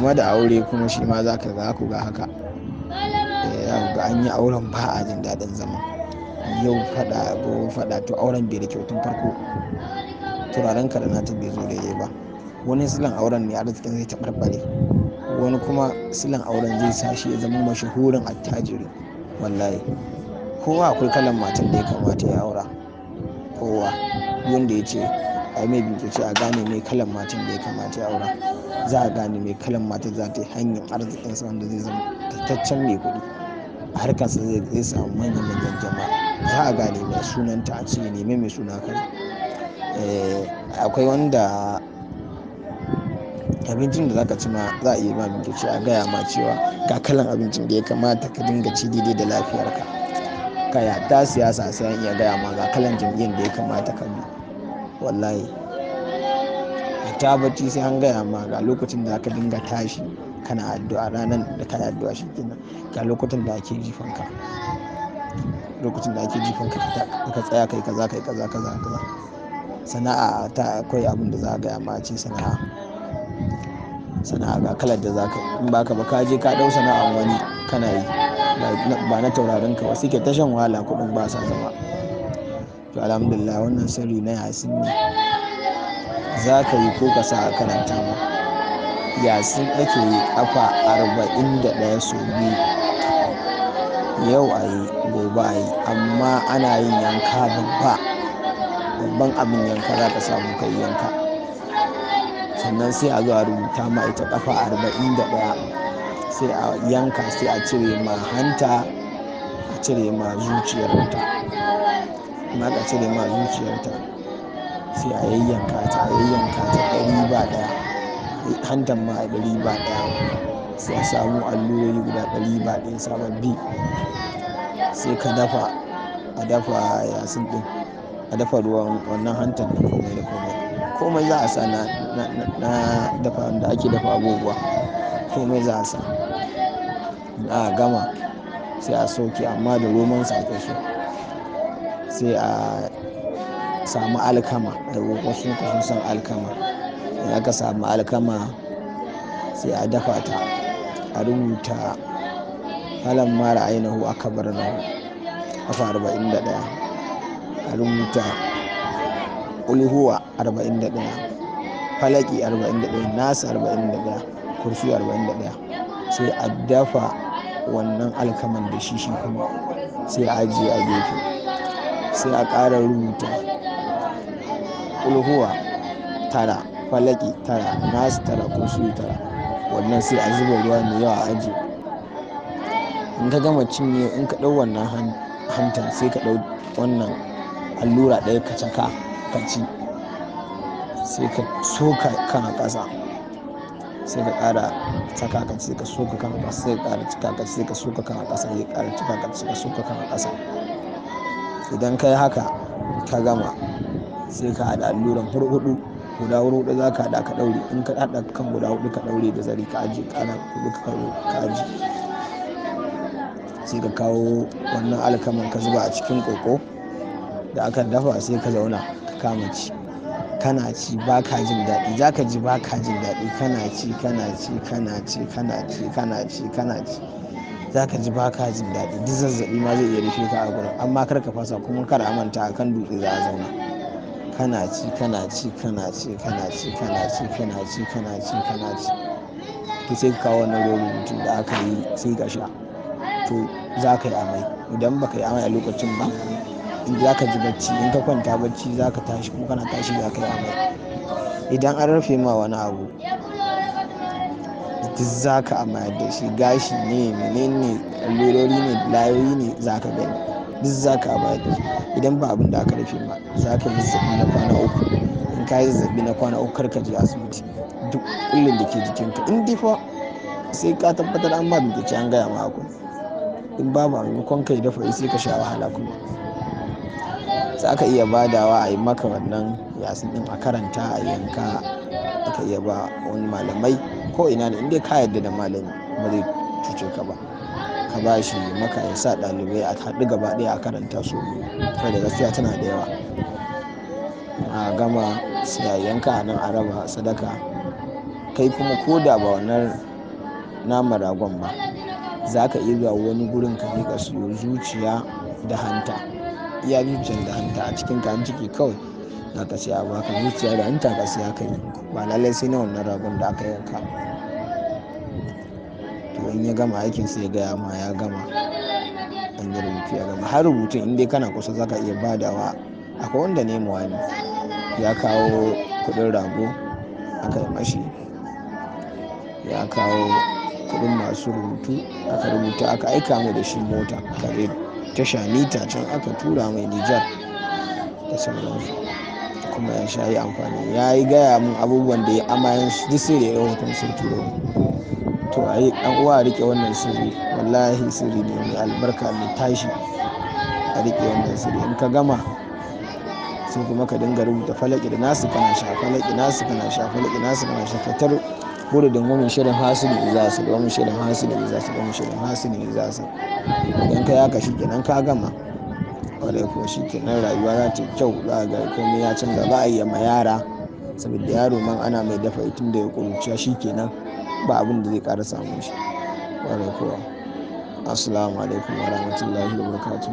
game da aure kuma shi ma za ka ga ku ga haka eh, za ga an yi auren ba a jin daɗin zama yau fada ko fada to auren bai da kyau tun farko turaren ka da nata bai zo daidai ba wani silan auren ne arzikin zai taɓarɓare wani kuma silan auren zai sa shi ya zama mashahurin attajiri wallahi kowa akwai kalan matan da ya kamata ya aura kowa wanda ya ce a mai bincike a gane mai kalan matan da ya kamata ya aura za a gane mai kalan matan za ta yi hanyar arzikinsa wanda zai zama tattaccen mai kuɗi a harkarsa zai samu manyan manyan jama'a za a gane mai sunanta a cikin neman mai suna kai eh, akwai wanda abincin da zaka ci ma za a yi ma bincike a gaya ma cewa ga kalan abincin da ya kamata ka dinga ci daidai da lafiyarka kaya ta siyasa sai an iya gaya ma ga kalan jam'iyyar da ya kamata ka bi wallahi a tabbaci sai an gaya ma ga lokacin da aka dinga tashi kana addu'a ranar da kana addu'a shi kenan ga lokacin da ake jifanka lokacin da ake jifanka ka tsaya kai kaza kai kaza kaza kaza sana'a ta akwai abin da za a gaya ma ce sana'a sana'a ga kalar da za ka in baka ba ka je ka dau sana'a wani kana yi ba na taurarin ka ba sai ke tashan wahala kuɗin ba sa zama to alhamdulillah wannan sirri na yasin ne za ka yi ko ka sa a karanta ma yasin ake yi kafa arba'in da ɗaya su biyu yau a yi gobe a yi amma ana yin yanka babba babban abin yanka za ka samu kai yanka sannan sai a zo a rubuta ma ita kafa arba'in da ɗaya sai a yanka sai a cire ma hanta a cire ma zuciyar wuta in aka cire ma zuciyarta sai a yayyanka ta a yayyanka ta ɗari ba ɗaya hantan ma a ɗari ba ɗaya sai a samu allurori guda ɗari ba ɗaya sababbi sai ka dafa a dafa yasin ɗin a dafa ruwan wannan hantan da komai da komai komai za a sa na dafa da ake dafa abubuwa komai za a sa a gama sai a soke amma da roman sa ake so sai a samu alkama wasu sun san alkama in aka samu alkama sai a dafa ta a rubuta falon mara ainihu aka bar na kafa arba'in da ɗaya a rubuta ulhuwa arba'in da ɗaya falaki arba'in da ɗaya nasu arba'in da ɗaya kurfi arba'in da ɗaya sai a dafa wannan alkaman da shi shi kuma sai a ajiye a gefe sai a ƙara rubuta ulhuwa tara falaki tara nasu tara ko su tara wannan sai a zuba ruwa mai yawa a aji in ka gama cinye in ka ɗau wannan hantan sai ka ɗau wannan allura ɗaya ka caka ka ci sai ka soka kan ƙasa sai ka ƙara caka ka sai ka soka kan ƙasa sai ka ƙara cika ka sai ka soka kan ƙasa sai ka ƙara cika ka sai ka soka kan ƙasa idan ka yi haka ka gama sai ka haɗa alluran hurhudu guda hudu za ka haɗa ka ɗaure in ka haɗa kan guda hudu ka ɗaure da zari ka aji kana hudu ka aji sai ka kawo wannan alkaman ka zuba a cikin koko da aka dafa sai ka zauna ka kama ci kana ci ba ka jin daɗi za ka ji ba ka jin daɗi kana ci kana ci kana ci kana ci kana ci kana ci za ka ji baka jin daɗi duk zazzaɓi ma zai iya rufe ka a gurin amma kar ka fasa kuma kar a manta akan dutse za a zauna kana ci kana ci kana ci kana ci kana ci kana ci kana ci kana ci ki sai ka kawo wannan mutum da aka yi sai ka sha to za ka yi amai idan baka yi amai a lokacin ba in za ka ji bacci in ka kwanta bacci za ka tashi kuma kana tashi za ka yi amai idan an rufe ma wani abu duk za ka amayar da shi gashi ne menene allurori ne layoyi ne za ka gani duk za ka amayar da shi idan ba abin da aka rufe ma za ka yi zaɓi na kwana uku in ka yi zaɓi na kwana uku karka je asibiti duk kullum da ke jikinka in dai fa sai ka tabbatar an ma bincike an gaya ma ku in babu a maimakon kai dafa sai ka sha wahala kuma za ka iya badawa a yi maka wannan yasin din a karanta a yanka aka iya ba wani malamai ko ina ne inda ka yarda da malami ba zai cuce ka ba ka ba shi maka ya sa ɗalibai a haɗu gaba ɗaya a karanta su kai da gaskiya tana da yawa a gama yanka a nan a raba sadaka kai kuma ko da ba wannan nama ragon ba za ka iya zuwa wani gurin ka rika su zuciya da hanta iya zuciyar da hanta a cikin ka ciki kawai za ka siya ba baka zuciya da hanta ka siya ka yi ba lallai sai na wannan ragon da aka yanka to in ya gama aikin sai ya gaya ma ya gama an yi rubutu ya gama har rubutun in dai kana kusa za ka iya badawa akwai wanda ne mu wani ya kawo kudin rago aka yi mashi ya kawo kudin masu rubutu aka rubuta aka aika mu da shi mota aka tasha mita can aka tura mai nijar da sauransu kuma ya sha yi amfani ya yi gaya min abubuwan da ya su duk sai da ya rahoton sun turo to a yi dan uwa a rike wannan sirri wallahi sirri ne mai albarka mai tashi a rike wannan sirri in ka gama sai kuma ka dinga rubuta falaki da nasu kana sha falaki nasu kana sha falaki nasu kana sha ka tar da wamin shirin hasini za su da wamin shirin hasini za su da wamin shirin hasini za su idan ka yaka shi kenan ka gama alaikum kuwa shi kenan rayuwa za ta yi kyau za ga komai ya canza za a yi ma yara saboda yaro man ana mai dafa tun da ya kuruciya shi kenan ba abin da zai kara samun shi kwarai kuwa assalamu alaikum wa rahmatullahi wa barakatuh